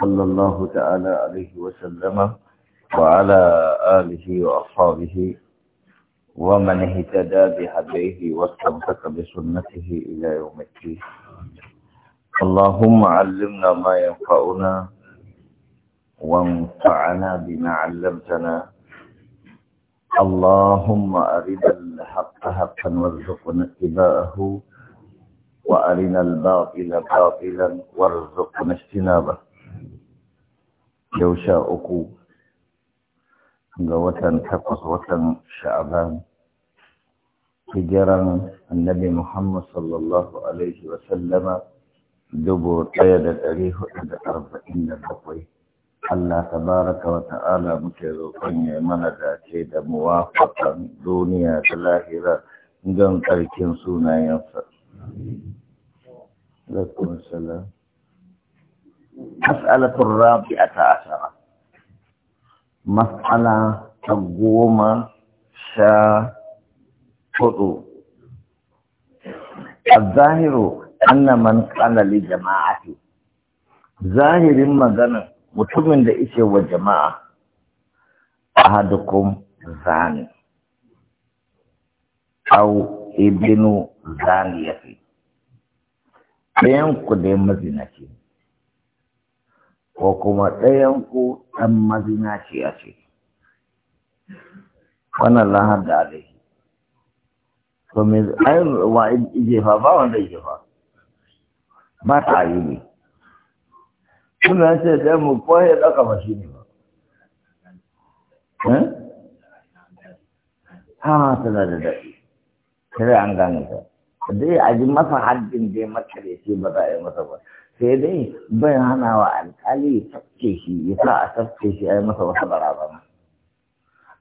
صلى الله تعالى عليه وسلم وعلى آله وأصحابه ومن اهتدى بهديه واستمسك بسنته إلى يوم الدين اللهم علمنا ما ينفعنا وانفعنا بما علمتنا اللهم أرنا الحق حقا وارزقنا اتباعه وأرنا الباطل باطلا وارزقنا اجتنابه yau sha uku ga watan takwas watan sha'aban hijiran annabi Muhammad sallallahu Alaihi wasallama dubu ɗaya da ɗari hudu da arba'in da bakwai. Allah tabaraka wa ta'ala muke roƙon ya mana dace da muwafaƙan duniya da lahira don ƙarkin sunayensa. mas'alatul rabi'ata asara Matsala ta goma sha hudu al-zahiru anna man jama'a ce. zahirin magana mutumin da yake wa jama'a ahadukum zani aw ibnu zani yafi ɗayan ku dai mazinaki ko kuma ɗayanku ɗan mazina ce a ce wannan lahar da alai to me ai wa jefa ba wanda jefa ba ta yi ne kuna ce da mu kohe ɗauka ba shi ne ba eh? ha tana da daɗi tare an gane ta dai a ji masa haddin dai shi ba za a yi masa ba sai dai bai hana wa alƙali ya tafke shi ya sa a tafke shi a yi masa wata barazana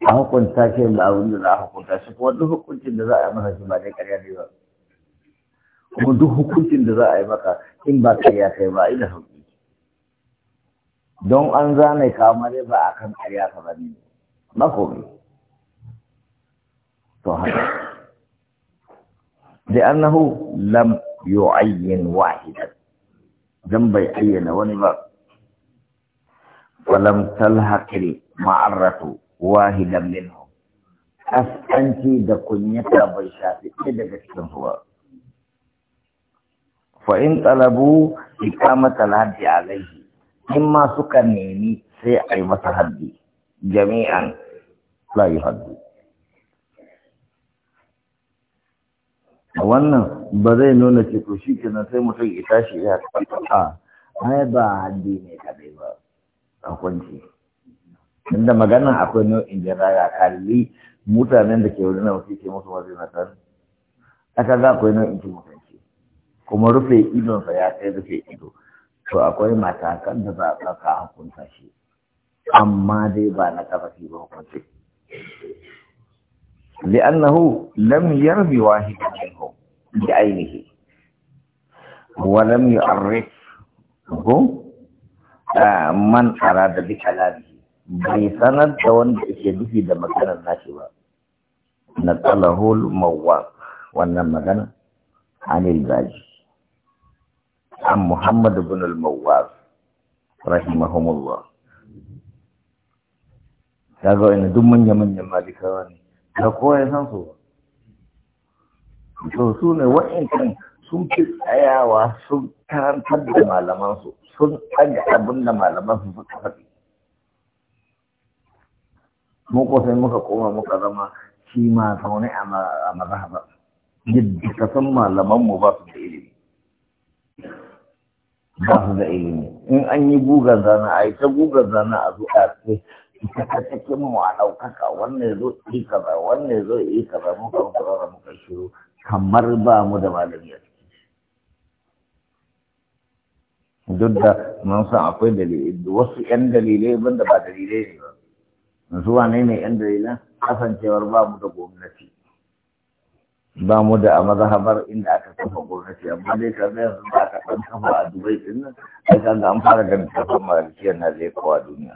a hukunta shi da abin da za a hukunta shi kuma duk hukuncin da za a yi masa shi ba dai ƙarya ne ba kuma duk hukuncin da za a yi maka in ba ƙarya kai ba ina sauƙi don an zane kamar ba a kan ƙarya ka ba ne ba komai to haka da annahu lam yu'ayyin wahidan dan bai ayyana wani ba walam talhaqil ma'arratu wahidan minhu askanci da kunyata bai shafi ɗaya daga cikin su ba Fa'in in talabu mata al alaihi alayhi in ma suka nemi sai a yi masa haddi jami'an la haddi. wannan ba zai nuna ce to shi kenan sai mutum ya tashi ya a ai ba hadi ne kadai ba a kwanci inda maganan akwai nau'in jiraga kalli mutanen da ke wuri na wasu ke musu wasu nasar aka za akwai nau'in ki mutunci kuma rufe idonsa ya kai rufe ido to akwai matakan da za a tsaka hukunta shi amma dai ba na kafafi ba hukunci لأنه لم يرمي wahidan minhu بعينه ولم يعرفه man arada bi kalamihi bai sanar da wanda yake nufi da maganar nashi ba na tsalahul mawwa wannan magana anil an al kaga wani duk manya manyan malikawa ne ka kowa ya san su to su ne wa'inkan sun fi tsayawa sun karantar da malamansu sun ɗaga abin da malamansu suka faɗi mu ko sai muka koma muka zama shi ma zaune a mazhabar yadda ka san malamanmu ba su da ilimi ba su da ilimi in an yi gugar zana a yi ta gugar zana a zuwa ce ta cikin mu a ɗaukaka wannan zo yi kaza wannan zo yi kaza muka muka muka shiru kamar ba mu da malami a ciki duk da mun san akwai dalilai wasu yan dalilai banda ba dalilai ne ba zuwa ne ne yan dalilan kasancewar ba mu da gwamnati ba mu da a mazhabar inda aka kafa gwamnati amma dai ka zai yanzu da aka ɗan kafa a dubai din nan ai ga an fara ganin kafin malikiyar na zai kowa duniya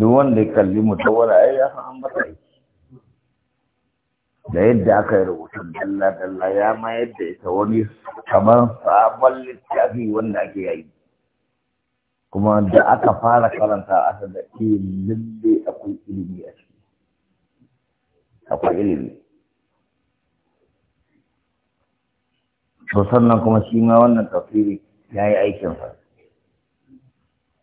duk wanda ya kalli mu ta wala ai ya san an bata. aiki da yadda aka yi rubutun dalla-dalla ya mayar da ita wani kamar sabon littafi wanda ake yi. kuma da aka fara karanta asa da ke eh, lalle akwai ilimi a ciki akwai ilimi to sannan kuma shi ma wannan tafsiri ya yi aikinsa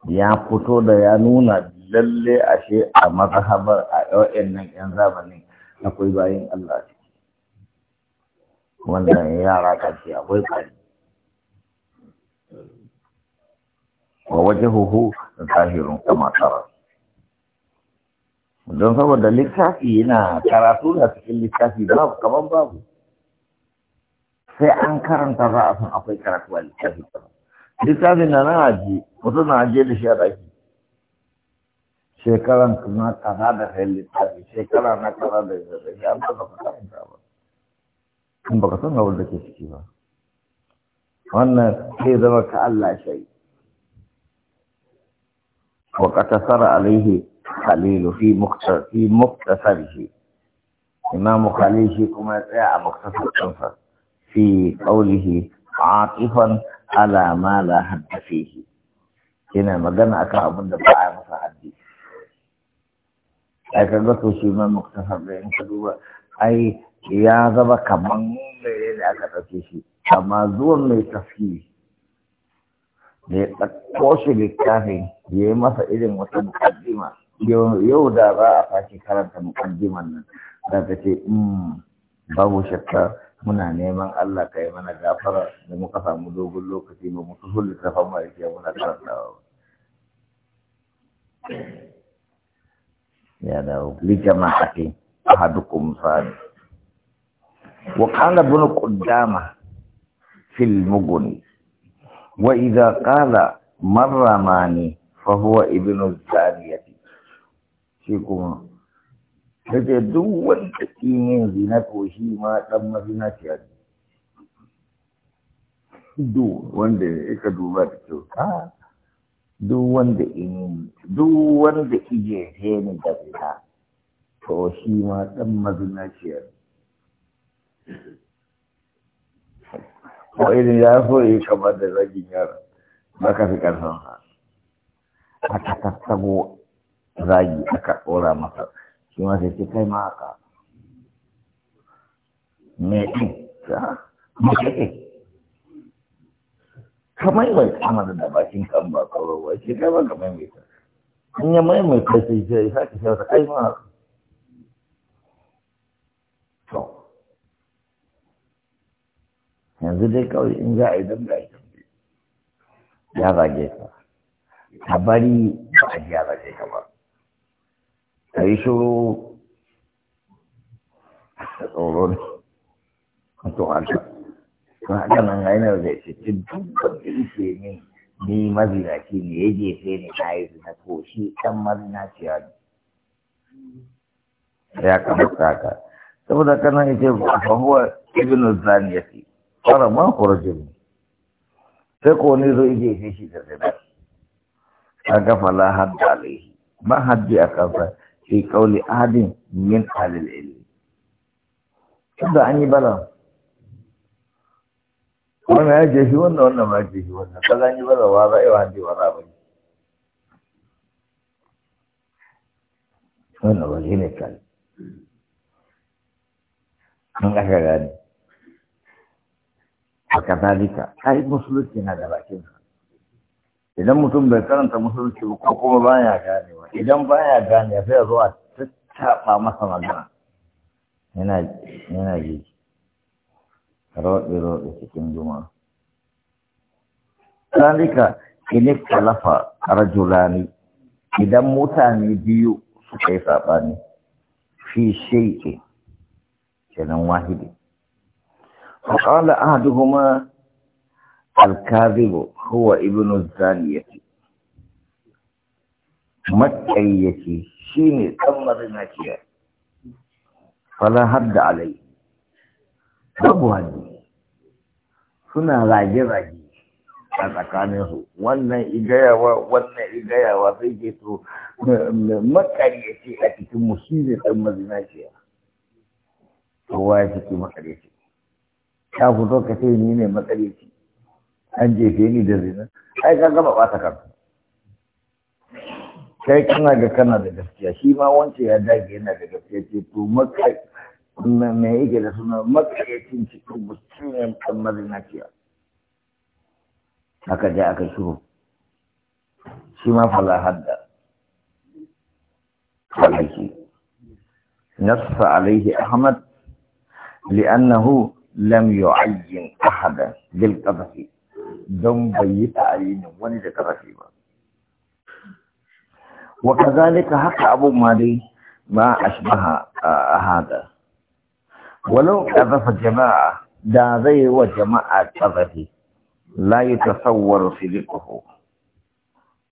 ya fito da ya nuna lalle ashe a mazhabar a yau'in nan 'yan zamanin akwai bayan Allah ciki wannan yara ce akwai kwari wa wajahuhu zahirun kama tara don saboda littafi yana karatu da cikin littafi babu kamar babu sai an karanta za a san akwai karatu a littafi littafin na nan aji mutum na aje da shi a ɗaki شکل انکنا کنا دا خیلی تاری شکل انا کنا دا زیده یا با دا بکتا انتا با ان بکتا نگول دا کسکی با وانا تیز وکا اللہ شای وقت سر علیه خلیل فی مختصر فی مختصر شی امام خلیل شی کمیت ریا اه، مختصر کنفر في قوله عاطفا على ما لا حد فيه هنا مدن اكا ابن دبعا مساعد ai kaga to shi ma muktasar da in ka duba ai ya zama kaman mere da aka ɗauke shi amma zuwan mai tafsiri da ya ɗauko shi littafin ya masa irin wata mukaddima yau da za a sake karanta mukaddiman nan da ta ce hmm, babu shakka muna neman Allah ka yi mana gafara da muka samu dogon lokaci ba mu tuhu littafin mai muna karantawa ba. ya dawo li jama'ati ahadukum sa'id wa qala ibn qudama fil mughni wa idha qala marramani fa huwa ibn zariyati shi kuma kace duk wanda kimin zina ko shi ma dan mazina ce duk wanda ya duba da kyau ah, duk wanda in duk wanda ije je ni da zina to shi ma dan mazinaciyar ko idan ya so yi kamar da zagin yara ba ka fi karfin ha aka tattabo zagi aka ɗora masa shi ma sai ce kai ma aka me ɗin ah, me ɗin ka maimaita mana da bakin kan ba kawai wai shi kai ba ka maimaita in ya maimaita sai ce ya sake shawara kai ma to yanzu dai kawai in za a yi don ga ya zage ka ka bari ba a ji ya zage ka ba ka yi shiru tsoro ne tsohon haka to haka nan hanyar da ya ce duk wanda ishe ne ni mazinaci ne ya sai ne na yi zina ko shi ɗan mazinaciya ne ya kamata haka saboda kanan ya ce fahuwa ibn zani ya fi fara ma kurajin sai ko ne zo ije sai shi da zina a gafa lahar da alaihi ba hajji a kansa fi kauli adin min alil ilmi tunda an yi balan wannan ya je shi wannan wannan ma je shi wannan ka zanyi ba zawa za a yi wa hanji ba za wannan ba shi ne kan an aka ne a kazalika ai musulunci na da bakin sa idan mutum bai karanta musulunci ba ko kuma baya wa idan baya ganewa sai ya zo a tattaɓa masa magana yana yana jiki roɗe-roɗe cikin juma'a. Zalika inik talafa rajulani idan mutane biyu suka yi saɓani fi shaiƙe kenan wahidi. Faƙala ahaduhuma alkazibu huwa ibnu ya ce. shi ne ɗan marinaciya fala hadda alai babu suna rage-rage a tsakaninsu wannan igayawa wannan igayawa sai ke to makaryaci a cikin musulmi ɗan mazinaciya kowa ya ciki makaryaci ta fito ka ce ni ne makaryaci an jefe ni da zina ai ka gaba ɓata kan kai kana ga kana da gaskiya shi ma wance ya dage yana da gaskiya ce to kuma me yake da suna matsayacin cikin mutumin kan mazinaciya aka je aka shiru shi ma fala hadda falaki نص عليه أحمد لأنه لم يعين أحدا للقذف دم بيت علينا ولد قذفيبا وكذلك حق أبو مالي ما أشبه هذا ka ƙazafa jama'a da zai yi wa jama'a ƙazafi la yi tasawwar filikuhu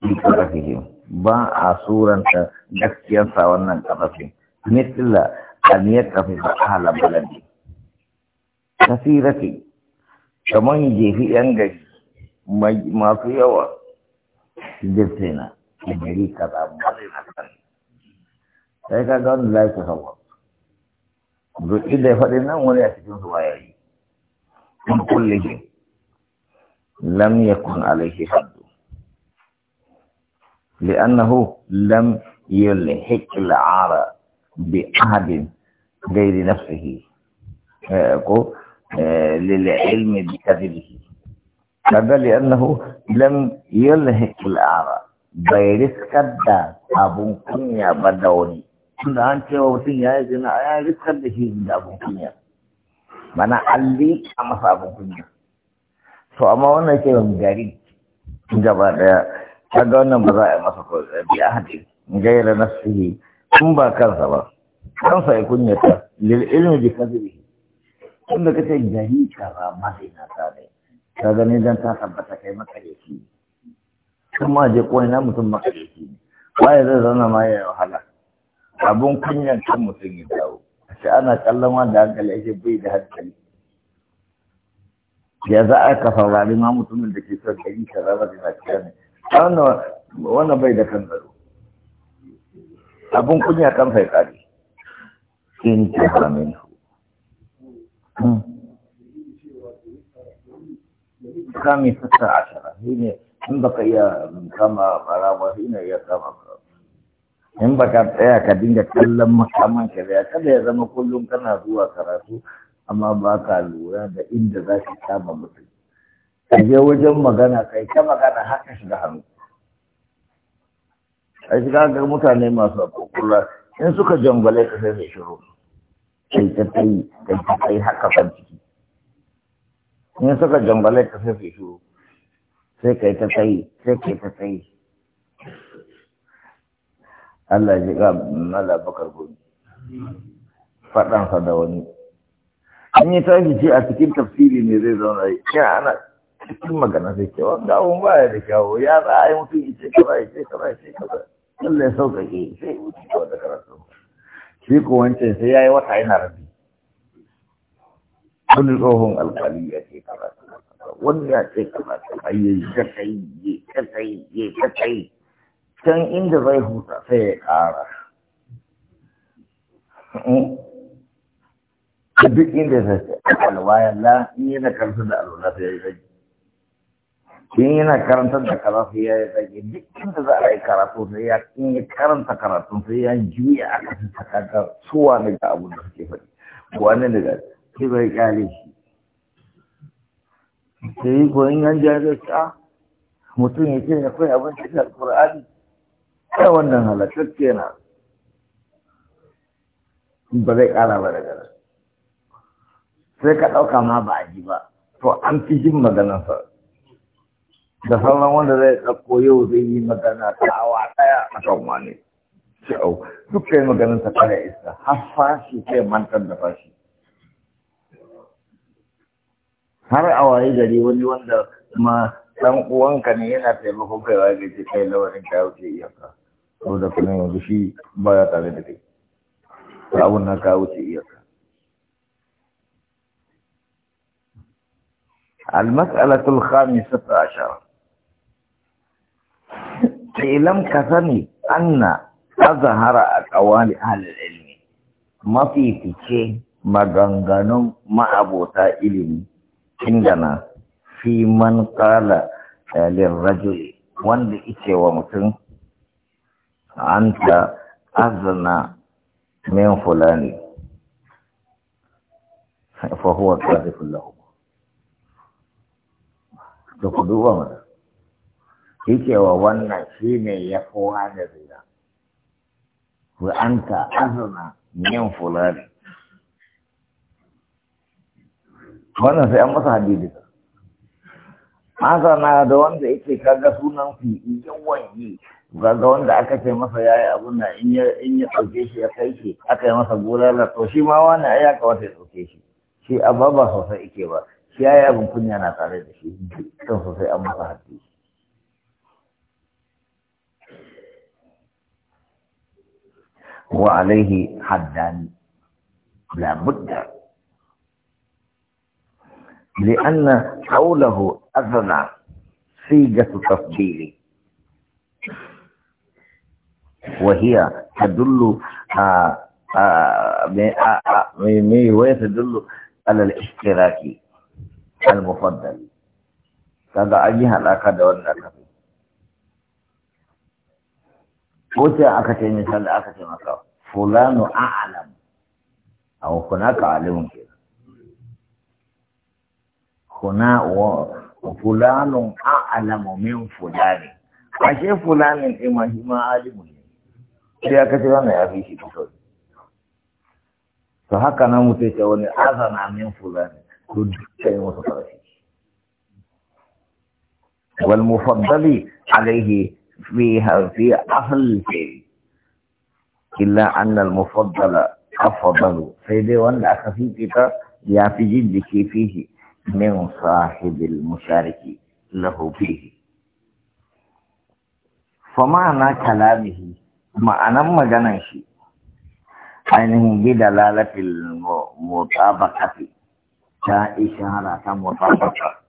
in ƙazafi ba a suranta gaskiyarsa wannan ƙazafi mitila an yi ƙafi ba ala baladi kasirati kamar jefi yan gari masu yawa jirtina gari kaza ba zai na kan sai ka ga wani la yi tasawwar إذا فرنا ولا يكون روايعي من كله لم يكن عليه حد لأنه لم يلحق العار بأحد غير نفسه للعلم بكذبه هذا لأنه لم يلحق العار بيرسك الدار أبو كنيا بدوني tunda an cewa mutum ya yi zina a rikar da shi da abin kunya mana an a masa abin kunya to amma wannan ce wani gari gaba daya kaga wannan ba za a yi masa zabi a haɗe gaira na sihi tun ba kansa ba kansa ya kunyata lil ilmi bi kadrihi tunda kace gari kaza na ta ne ka gani dan ta tabbata kai makareci kuma je koyi na mutum makareci waye zai zauna ma ya wahala abun kunyan kan mutum ya dawo sai ana kallon wanda hankali ake bai da hankali ya za a kafa saurari ma mutumin da ke son gari ka zama da lafiya ne wannan bai da kan zaro abun kunya kan sai kare hmm. in ke haramin kami sassa ashara shi ne in baka iya kama barawa ba shi ne iya kama in ba ka tsaya ka dinga kallon makaman ka zai kada ya zama kullum kana zuwa karatu amma ba ka lura da inda za ka kama mutum ka je wajen magana kai ta magana haka shiga hannu a shiga ga mutane masu kokula in suka jangwale ka sai zai shiru kai ta kai kai ta kai haka ban ciki in suka jangwale ka sai zai shiru sai kai ta kai sai kai ta kai Allah ji ga mala bakar gobe faɗansa da wani an yi tafici a cikin tafsiri ne zai zauna ya ana cikin magana sai cewa gawon baya da kyawo ya za a yi mutum ice kaza ice kaza ce kaza Allah ya sauƙaƙe sai wuce kawai da karatu shi ko wancan sai ya yi wata yana rabi wani tsohon alƙali ya ce kaza wani ya ce kaza ai ya yi kakai ya kakai ya kakai can inda zai huta sai ya ƙara hmm? a duk inda ta ce alwaya la in yana karanta da alwala sai ya yi rage in yana karanta da karatu ya yi rage duk inda za a yi karatu sai ya in ya karanta karatu sai ya juya a su takakar suwa ne ga abin da suke faɗi wani daga ke bai kyale shi sai ko in an jari ta mutum ya ce kai abin da ke alƙur'ani kai wannan halakacce na ba zai ƙara ba daga sai ka ɗauka ma ba a ji ba to an fi jin maganansa da sauran wanda zai ɗauko yau zai yi magana ta awa ɗaya a kan wani shi'au duk kai maganansa kare iska har fashi kai mantar da fashi har a waye gari wani wanda ma ɗan uwanka ne yana taimakon kai waye gaji kai lawarin ka yau ke iyaka kamar da kuma da shi ba ya tare da kai abin na kawo ce iyaka almas'alatul khamisa ta ashara tilam ka sani an anna azhara aqwali ahli halin ilimi, mafi fice maganganun ma'abota ilimi inda na fi man qala lil rajuli wanda yake wa mutum anta azna min fulani fa huwa kadhifun lahu to ku wa wannan shine ya kowa da zina wa anta azna min fulani wannan sai an masa hadisi na da wanda yake kaga sunan fi yawan yi gaga wanda aka ce masa ya yi abun na in ya ɗauke shi ya kai shi aka yi masa bulala to shi ma wani a ya kamata ya ɗauke shi shi abba ba sosai ike ba shi ya yi abin kunya na tare da shi dukkan sosai an masa haddi wa alaihi haddani labudda li'anna qawluhu adna sigatu tafdili وهي تدل وهي آه، آه، آه، تدل على الاشتراك المفضل كذا أجيها لك دون لك وجه مثال أكثر مثال فلان أعلم أو هناك علم كذا هنا و فلان أعلم من فلان أشي فلان إما هما عالمون sai aka ce wannan ya fi shi da kawai to haka na mutai ta wani azana min fulani to dukkan fara shi wal mufaddali alaihi fi hafi ahl fi illa anna al mufaddala afdalu sai dai wanda aka fi kita ya fi jin jiki fi min sahibil mushariki lahu fihi فمعنى كلامه ma'anan maganan shi ainihin gida da lalatil mutabaqati ta ishara ta mutabaqa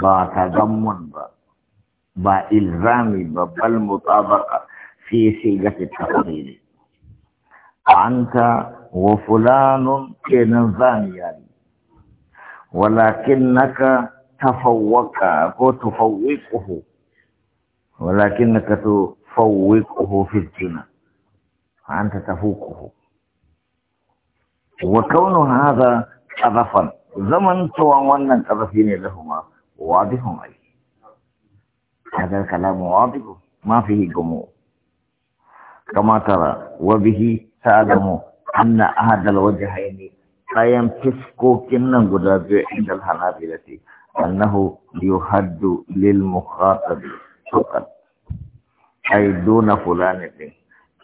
ba ta zammun ba ba ilzami ba bal mutabaqa fi sigati an ta wa fulanun kenan zaniya walakinnaka tafawaka ko tufawwiquhu naka to. تفوقه في الزنا أنت تفوقه وكون هذا قذفا زمن توان قذفين لهما واضح أي هذا الكلام واضح ما فيه جموع كما ترى وبه تعلم أن أحد الوجهين لا يمتسكو كنا قدر عند الحنابلة أنه يهد للمخاطب فقط ai dona fulani din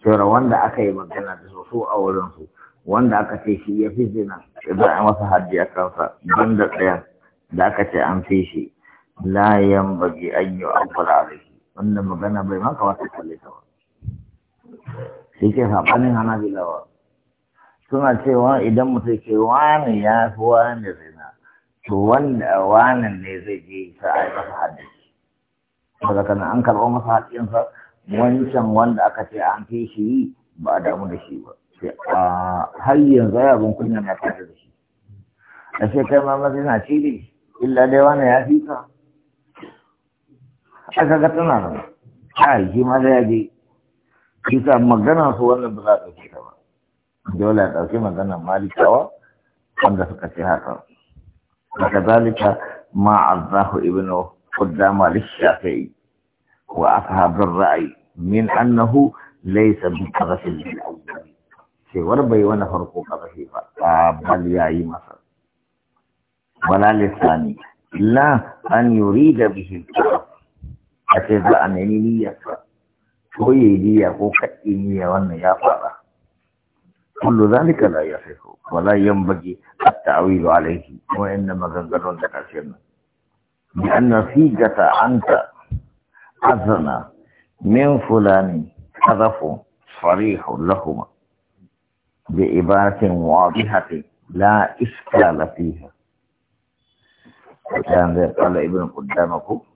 cewa wanda aka yi magana da su su a wurin su wanda aka ce shi ya fi zina za a masa haddi a kansa din da da aka ce an fi shi la yan bagi an yi an fara wannan magana bai maka wata kalle ta ba shi ke saɓanin hana bilawa suna cewa idan mutum ke wani ya fi wani zina to wanda wani ne zai je sa a yi masa haddi kana an karɓo masa haƙƙinsa wancan wanda aka ce an fi shi yi ba a damu da shi ba har yanzu ya bin kunya na tare da shi a shekai ma mazi na cire illa dai wani ya fi ka A ga tana nan a shi ma da ya je kisa magana su wannan ba za a ɗauke ta ba dole a ɗauki maganar malikawa wanda suka ce haka daga zalika ma azahu ibnu qaddama lishafi'i وأصحاب بالراي من أنه ليس بقضف الأول شيء وربي ونفرق قضف آه، بل يا أي مصر ولا لساني لا أن يريد به القضف أتذى عن يني لي يفر هو يدي يقوك إني يوان كل ذلك لا يصح ولا ينبغي التعويل عليه وإنما ذنبنا لك سيرنا لأن في فيك أنت أذنى من فلان حذف صريح لهما بعبارة واضحة لا إشكال فيها كان قال ابن قدامكم